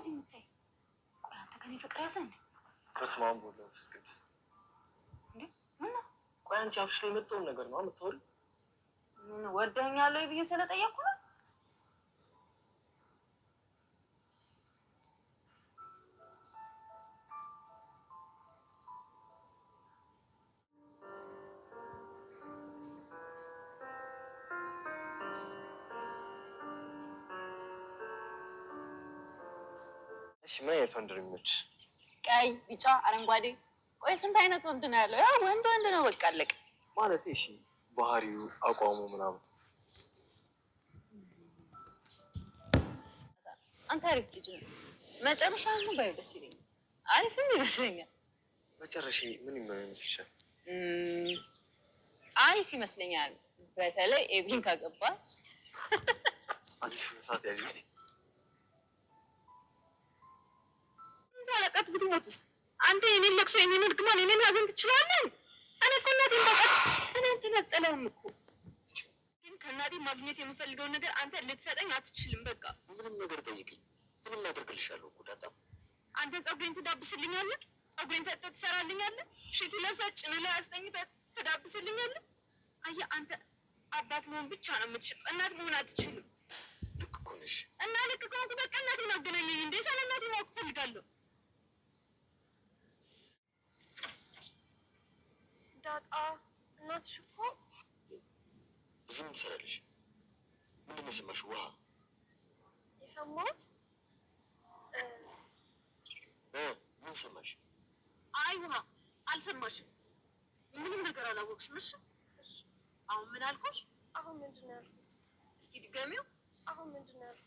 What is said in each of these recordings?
እንደዚህ የምታይ? ቆይ አንተ ከኔ ፍቅር ያዘ እንዴ? በስመ አብ ወወልድ ወመንፈስ ቅዱስ። ምን ነው? ቆይ አንቺ አብሽ ላይ የመጣውን ነገር ነው የምታወሪው? ምን ወደኛለሁ ብዬ ስለጠየቅኩ ነው እሺ ምን አይነት ወንድ ነው የሚመችሽ? ቀይ፣ ቢጫ፣ አረንጓዴ። ቆይ ስንት አይነት ወንድ ነው ያለው? ያው ወንድ ወንድ ነው በቃ አለቅ ማለት እሺ። ባህሪው፣ አቋሙ ምናምን። አንተ አሪፍ ልጅ ነው። መጨረሻ ነው ባይ ደስ ይለኛል። አሪፍም ይመስለኛል። መጨረሻ ምን ይመስልሻል? አሪፍ ይመስለኛል። በተለይ ኤቢን ካገባት ብትሞትስ? አንተ የኔን ለቅሶ የኔን እርግማን የኔን ሀዘን ትችላለን? እኔ እኮ እናቴን በቃ እኔ አልተነጠለውም እኮ ግን ከእናቴ ማግኘት የምፈልገውን ነገር አንተ ልትሰጠኝ አትችልም። በቃ ምንም ነገር ጠይቅኝ፣ ምንም አደርግልሻለሁ እኮ ዳጣ። አንተ ጸጉሬን ትዳብስልኛለህ? ጸጉሬን ፈጥቶ ትሰራልኛለህ? ሽት ለብሳ ጭን ላይ አስተኝተህ ትዳብስልኛለህ? አየህ አንተ አባት መሆን ብቻ ነው የምትችል፣ እናት መሆን አትችልም። ልክ እኮ ነሽ። እና ልክ ከሆንኩ በቃ እናቴን አገናኘኝ እንዴ! ስለ እናቴ ማወቅ እፈልጋለሁ። ዳጣ እናትሽ እኮ ዝም ትሰራለሽ። ምንድን ነው የሰማሽው? ውሃ የሰማሁት ምን ሰማሽ? አይ ውሃ አልሰማሽም። ምንም ነገር አላወቅሽም። እሺ አሁን ምን አልኩሽ? አሁን ምንድን ነው ያልኩት? እስኪ ድገሚው። አሁን ምንድን ነው ያልኩት?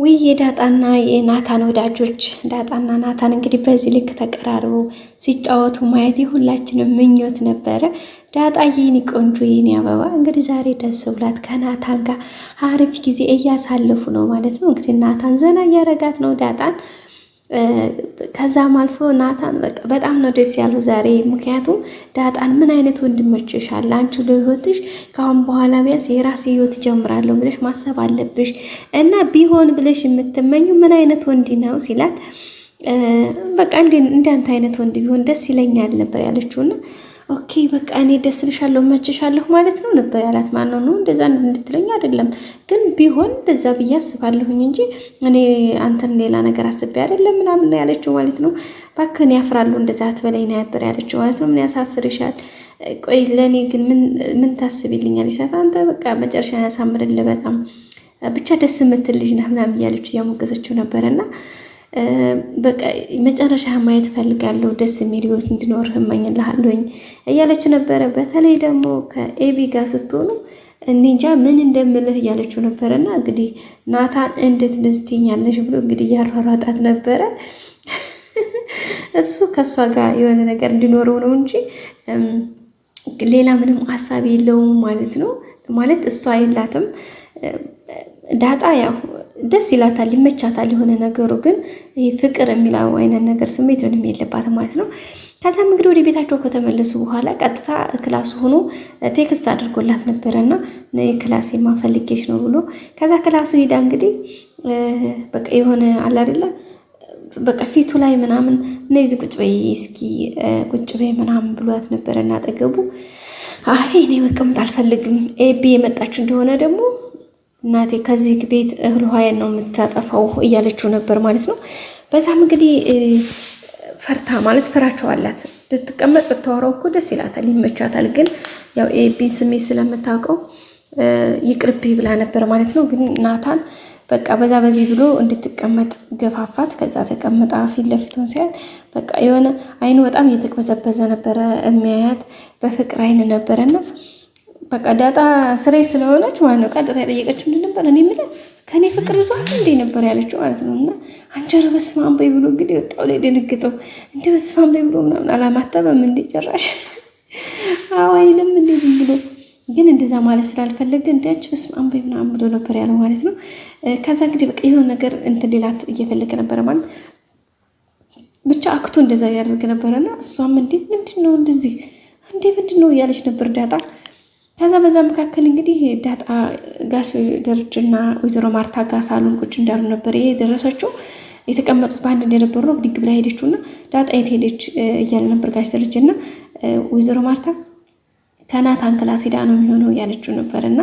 ውይ የዳጣና የናታን ወዳጆች ዳጣና ናታን እንግዲህ በዚህ ልክ ተቀራርበው ሲጫወቱ ማየት የሁላችንም ምኞት ነበረ። ዳጣ የኔ ቆንጆ የኔ አበባ እንግዲህ ዛሬ ደስ ብላት ከናታን ጋር አሪፍ ጊዜ እያሳለፉ ነው ማለት ነው። እንግዲህ ናታን ዘና እያረጋት ነው ዳጣን ከዛም አልፎ ናታን በቃ በጣም ነው ደስ ያለው ዛሬ። ምክንያቱም ዳጣን ምን አይነት ወንድሞችሽ አለ አንቺ ለህይወትሽ ከአሁን በኋላ ቢያንስ የራሴ ህይወት ጀምራለሁ ብለሽ ማሰብ አለብሽ እና ቢሆን ብለሽ የምትመኙ ምን አይነት ወንድ ነው ሲላት፣ በቃ እንዲ እንዳንተ አይነት ወንድ ቢሆን ደስ ይለኛል ነበር ያለችውና ኦኬ በቃ እኔ ደስ ልሻለሁ መችሻለሁ ማለት ነው ነበር ያላት። ማን ነው ነው እንደዛ እንድትለኝ አይደለም ግን ቢሆን እንደዛ ብዬ አስባለሁኝ እንጂ እኔ አንተን ሌላ ነገር አስቤ አይደለም ምናምን ያለችው ማለት ነው። እባክህ ያፍራሉ እንደዛ አትበለኝ ነው ነበር ያለችው ማለት ነው። ምን ያሳፍርሻል? ቆይ ለእኔ ግን ምን ታስብልኛል? ይሰፋ አንተ በቃ መጨረሻ ያሳምርልህ በጣም ብቻ ደስ የምትልጅ ልጅ ነህ ምናምን እያለችው እያሞገሰችው ነበረና በቃ መጨረሻ ማየት ፈልጋለሁ፣ ደስ የሚል ህይወት እንዲኖርህ እመኝልሃለሁኝ እያለችው ነበረ። በተለይ ደግሞ ከኤቢ ጋር ስትሆኑ እኔ እንጃ ምን እንደምልህ እያለችው ነበረና እንግዲህ ናታን እንዴት እንደዚህ ብሎ እንግዲህ እያሯሯጣት ነበረ። እሱ ከእሷ ጋር የሆነ ነገር እንዲኖረው ነው እንጂ ሌላ ምንም ሀሳብ የለውም ማለት ነው። ማለት እሷ የላትም ዳጣ ያው ደስ ይላታል፣ ይመቻታል የሆነ ነገሩ። ግን ይህ ፍቅር የሚለው አይነት ነገር ስሜት ምንም የለባት ማለት ነው። ከዛም እንግዲህ ወደ ቤታቸው ከተመለሱ በኋላ ቀጥታ ክላሱ ሆኖ ቴክስት አድርጎላት ነበረ ነበረና ክላስ የማፈልጌች ነው ብሎ ከዛ ክላሱ ሂዳ እንግዲህ በቃ የሆነ አለ አይደለ በቃ ፊቱ ላይ ምናምን እነዚህ ቁጭ በይ እስኪ ቁጭ በይ ምናምን ብሏት ነበረና አጠገቡ አይ እኔ መቀመጥ አልፈልግም ኤቢ የመጣችው እንደሆነ ደግሞ እናቴ ከዚህ ቤት እህል ውሃዬን ነው የምታጠፋው እያለችው ነበር ማለት ነው። በዛም እንግዲህ ፈርታ ማለት ፍራቸው አላት። ብትቀመጥ ብታወራው እኮ ደስ ይላታል፣ ይመቻታል። ግን ያው ኤቢን ስሜት ስለምታውቀው ይቅርብ ብላ ነበር ማለት ነው። ግን ናታን በቃ በዛ በዚህ ብሎ እንድትቀመጥ ገፋፋት። ከዛ ተቀምጣ ፊት ለፊቱን ሲያት በቃ የሆነ አይኑ በጣም እየተቅበዘበዘ ነበረ የሚያያት በፍቅር አይን ነበረና በቃ ዳጣ ስሬ ስለሆነች ማለት ነው። ቀጥታ የጠየቀችው ምንድን ነበር? እኔ የምልህ ከእኔ ፍቅር ይዟል እንዴ ነበር ያለችው ማለት ነው። እና አንጀር በስመ አብ በይ ብሎ እንግዲህ ወጣው ላይ ደንግጠው እንደ በስመ አብ በይ ብሎ ምናምን አላማተበም እንዴ ጭራሽ አዋይልም እንዴ ዝም ብሎ ግን እንደዛ ማለት ስላልፈለገ እንዲያች በስመ አብ በይ ምናምን ብሎ ነበር ያለው ማለት ነው። ከዛ እንግዲህ በቃ የሆነ ነገር እንትን ሌላት እየፈለገ ነበረ ማለት ብቻ አክቶ እንደዛ እያደረገ ነበረና እሷም እንዴ ምንድን ነው እንደዚህ እንዴ ምንድን ነው እያለች ነበር ዳጣ ከዛ በዛ መካከል እንግዲህ ዳጣ ጋሽ ደረጀና ወይዘሮ ማርታ ጋር ሳሎን ቁጭ እንዳሉ ነበር ይሄ የደረሰችው። የተቀመጡት በአንድ እንደነበሩ ነው። ብድግ ብላ ሄደችው እና ዳጣ የት ሄደች እያለ ነበር ጋሽ ደረጀና ወይዘሮ ማርታ ከናታን ክላስ ሄዳ ነው የሚሆነው ያለችው ነበር እና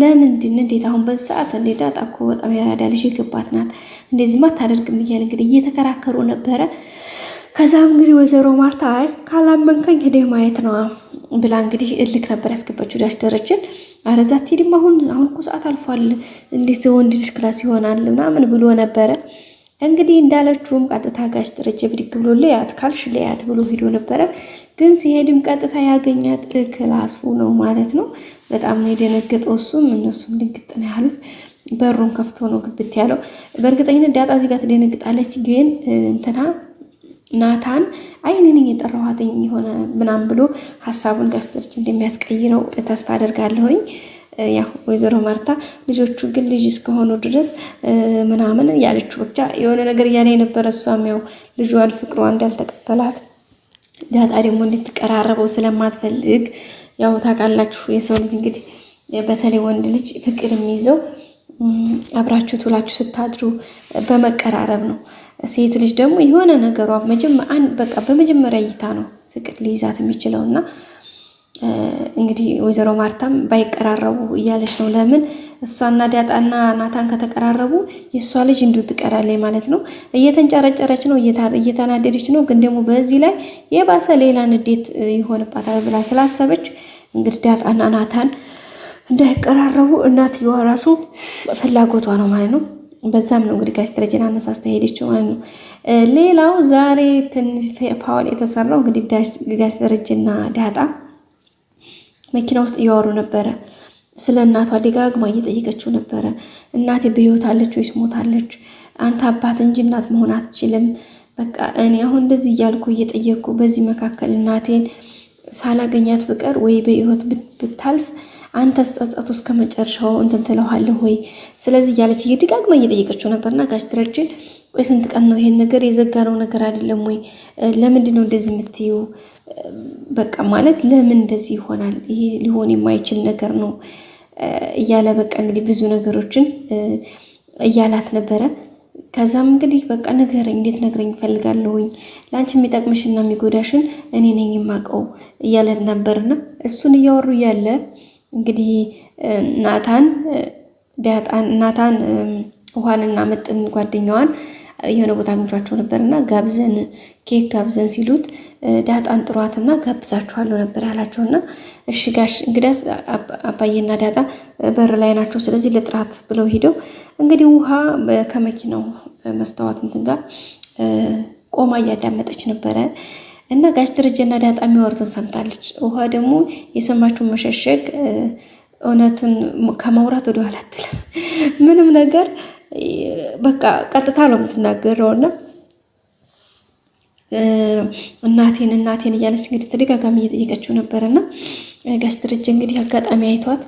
ለምንድን እንዴት አሁን በዚህ ሰዓት እንዴ ዳጣ እኮ በጣም ያራዳ ልጅ የገባት ናት፣ እንደዚህማ አታደርግም እያለ እንግዲህ እየተከራከሩ ነበረ። ከዛም እንግዲህ ወይዘሮ ማርታ አይ ካላመንከኝ ሄደህ ማየት ነው ብላ እንግዲህ እልክ ነበር ያስገባችው ዳሽ ደረጀን። ኧረ እዛ አትሄድም አሁን አሁን እኮ ሰዓት አልፏል፣ እንዴት ወንድ ልጅ ክላስ ይሆናል ምናምን ብሎ ነበረ። እንግዲህ እንዳለችውም ቀጥታ ጋሽ ደረጀ ብድግ ብሎ ለያት ካልሽ ለያት ብሎ ሄዶ ነበረ። ግን ሲሄድም ቀጥታ ያገኛት ክላሱ ነው ማለት ነው። በጣም ነው የደነገጠው እሱም እነሱም ድንግጥ ነው ያሉት። በሩን ከፍቶ ነው ግብት ያለው። በእርግጠኝነት ዳጣ እዚህ ጋር ትደነግጣለች፣ ግን እንትና ናታን አይንን የጠራኋትኝ የሆነ ምናምን ብሎ ሀሳቡን ጋስተርች እንደሚያስቀይረው ተስፋ አደርጋለሁኝ። ያው ወይዘሮ ማርታ ልጆቹ ግን ልጅ እስከሆኑ ድረስ ምናምን ያለችው ብቻ የሆነ ነገር እያለ የነበረ እሷም ያው ልጇን ፍቅሯ እንዳልተቀበላት ዳጣ ደግሞ እንድትቀራረበው ስለማትፈልግ ያው ታውቃላችሁ፣ የሰው ልጅ እንግዲህ በተለይ ወንድ ልጅ ፍቅር የሚይዘው አብራችሁ ትውላችሁ ስታድሩ በመቀራረብ ነው። ሴት ልጅ ደግሞ የሆነ ነገሯ በቃ በመጀመሪያ እይታ ነው ፍቅር ሊይዛት የሚችለው እና እንግዲህ ወይዘሮ ማርታም ባይቀራረቡ እያለች ነው። ለምን እሷና ዳጣና ናታን ከተቀራረቡ የእሷ ልጅ እንዲሁ ትቀራለች ማለት ነው። እየተንጨረጨረች ነው፣ እየተናደደች ነው። ግን ደግሞ በዚህ ላይ የባሰ ሌላ ንዴት ይሆንባታል ብላ ስላሰበች እንግዲህ ዳጣና ናታን እንዳይቀራረቡ እናትየዋ ራሱ ፍላጎቷ ነው ማለት ነው። በዛም ነው እንግዲህ ጋሽ ደረጀን አነሳስታ ሄደችው ማለት ነው። ሌላው ዛሬ ትንሽ ፋውል የተሰራው እንግዲህ ጋሽ ደረጀና ዳጣ መኪና ውስጥ እያወሩ ነበረ። ስለ እናቷ ደጋግማ እየጠየቀችው ነበረ። እናቴ በሕይወት አለች ወይስ ሞታለች? አንተ አባት እንጂ እናት መሆን አትችልም። በቃ እኔ አሁን እንደዚህ እያልኩ እየጠየቅኩ በዚህ መካከል እናቴን ሳላገኛት ብቀር ወይ በህይወት ብታልፍ አንተ ስጸጸቱ እስከ መጨረሻው እንትን ትለዋለህ ወይ? ስለዚህ እያለች እየደጋግማ እየጠየቀችው ነበርና ጋሽ ደረጀ ቆይ ስንት ቀን ነው ይሄን ነገር የዘጋነው ነገር አይደለም ወይ? ለምንድን ነው እንደዚህ የምትይው? በቃ ማለት ለምን እንደዚህ ይሆናል? ይሄ ሊሆን የማይችል ነገር ነው እያለ በቃ እንግዲህ ብዙ ነገሮችን እያላት ነበረ። ከዛም እንግዲህ በቃ ነገር እንዴት ነግረኝ ይፈልጋለሁኝ ለአንቺ የሚጠቅምሽና የሚጎዳሽን እኔ ነኝ የማውቀው እያለ ነበርና እሱን እያወሩ እያለ እንግዲህ ናታን ዳጣን ናታን ውሃንና መጥን ጓደኛዋን የሆነ ቦታ አግኝቷቸው ነበር እና ጋብዘን ኬክ ጋብዘን ሲሉት ዳጣን ጥሯትና ጋብዛችኋለሁ ነበር ያላቸው እና እሺ ጋሽ እንግዲያስ አባዬና ዳጣ በር ላይ ናቸው ስለዚህ ለጥራት ብለው ሂደው እንግዲህ ውሃ ከመኪናው መስታወት እንትን ጋር ቆማ እያዳመጠች ነበረ እና ጋሽ ደረጀና ዳጣ የሚያወሩትን ሰምታለች። ውሃ ደግሞ የሰማችውን መሸሸግ እውነትን ከማውራት ወደ ኋላ አትልም። ምንም ነገር በቃ ቀጥታ ነው ና እናቴን እናቴን እያለች እንግዲህ ተደጋጋሚ እየጠየቀችው ነበረና ጋሽ ደረጀ እንግዲህ አጋጣሚ አይቷት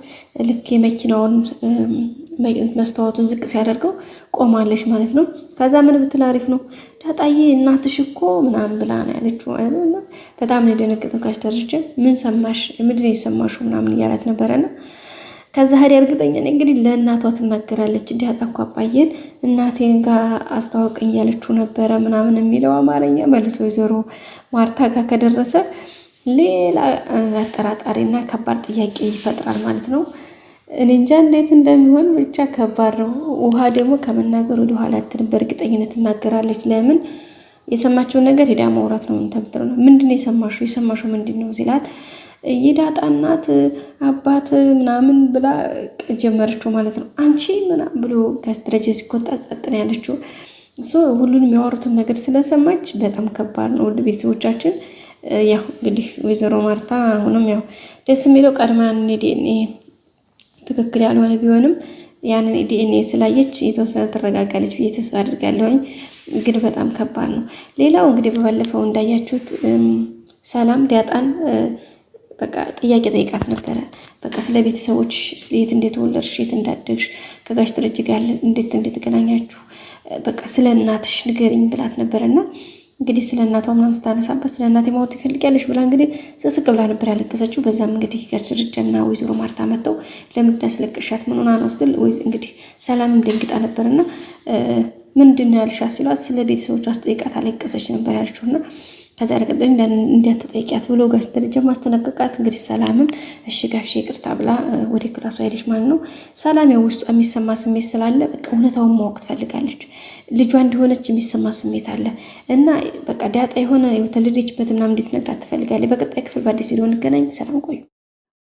ልክ የመኪናውን መስታወቱን ዝቅ ሲያደርገው ቆማለች ማለት ነው። ከዛ ምን ብትል አሪፍ ነው ዳጣዬ እናትሽ እኮ ምናምን ብላ ነው ያለችው። በጣም ነው የደነገጠው ጋሽ ደረጀ። ምን ሰማሽ? ምንድን የሰማሽው? ምናምን እያላት ነበረና ከዛ ሀዲ እርግጠኛ ነኝ እንግዲህ ለእናቷ ትናገራለች። እንዲህ አጣኩ አባዬን እናቴን ጋር አስታወቀኝ ያለችው ነበረ ምናምን የሚለው አማርኛ መልሶ ወይዘሮ ማርታ ጋር ከደረሰ ሌላ አጠራጣሪና ከባድ ጥያቄ ይፈጥራል ማለት ነው። እኔ እንጃ እንዴት እንደሚሆን ብቻ ከባድ ነው። ውሃ ደግሞ ከመናገር ወደ ኋላ አትልም። በእርግጠኝነት ትናገራለች። ለምን የሰማችውን ነገር ሄዳ ማውራት ነው ምንተምትለው ነው። ምንድን ነው የሰማሹ የሰማሹ ምንድን ነው ሲላት የዳጣ እናት አባት ምናምን ብላ ጀመረችው ማለት ነው። አንቺ ምናምን ብሎ ከደረጃ ሲቆጣ ጸጥ ያለችው። እሱ ሁሉንም የሚያወሩትን ነገር ስለሰማች በጣም ከባድ ነው። ውድ ቤተሰቦቻችን ያው እንግዲህ ወይዘሮ ማርታ አሁንም ያው ደስ የሚለው ቀድማን ዲኤንኤ ትክክል ያልሆነ ቢሆንም ያንን ዲኤንኤ ስላየች የተወሰነ ትረጋጋለች ብዬ ተስፋ አድርጋለሁኝ። ግን በጣም ከባድ ነው። ሌላው እንግዲህ በባለፈው እንዳያችሁት ሰላም ዲያጣን በቃ ጥያቄ ጠይቃት ነበረ። በቃ ስለ ቤተሰቦች የት እንደተወለድሽ፣ የት እንዳደግሽ፣ ከጋሽ ደረጀ ጋር እንዴት እንደተገናኛችሁ፣ በቃ ስለ እናትሽ ንገሪኝ ብላት ነበረና እንግዲህ ስለ እናቷ ምናምን ስታነሳበት ስለ እናቴ ማወቅ ትፈልጊያለሽ ብላ እንግዲህ ስስቅ ብላ ነበር ያለቀሰችው። በዛም እንግዲህ ደረጀና ወይዘሮ ማርታ መጥተው ለምንድን ያስለቅሻት ምን ሆና ነው ስትል እንግዲህ ሰላምም ደንግጣ ነበር ነበርና ምንድን ያልሻት ሲሏት ስለ ቤተሰቦቿ አስጠይቃት አለቀሰች ነበር ያለችውና ከዛ ቀጥሎ እንዳትጠይቂያት ብሎ ጋሽ ደረጃ ማስተነቀቃት። እንግዲህ ሰላምም እሺ ጋሽ ይቅርታ ብላ ወደ ክላሱ ሄደች ማለት ነው። ሰላም ያው ውስጧ የሚሰማ ስሜት ስላለ በቃ እውነታውን ማወቅ ትፈልጋለች። ልጇ እንደሆነች የሚሰማ ስሜት አለ እና በቃ ዳጣ የሆነ የተወለደችበት ምናምን እንድትነግራት ትፈልጋለች። በቀጣይ ክፍል በአዲስ ቪዲዮ እንገናኝ። ሰላም ቆዩ።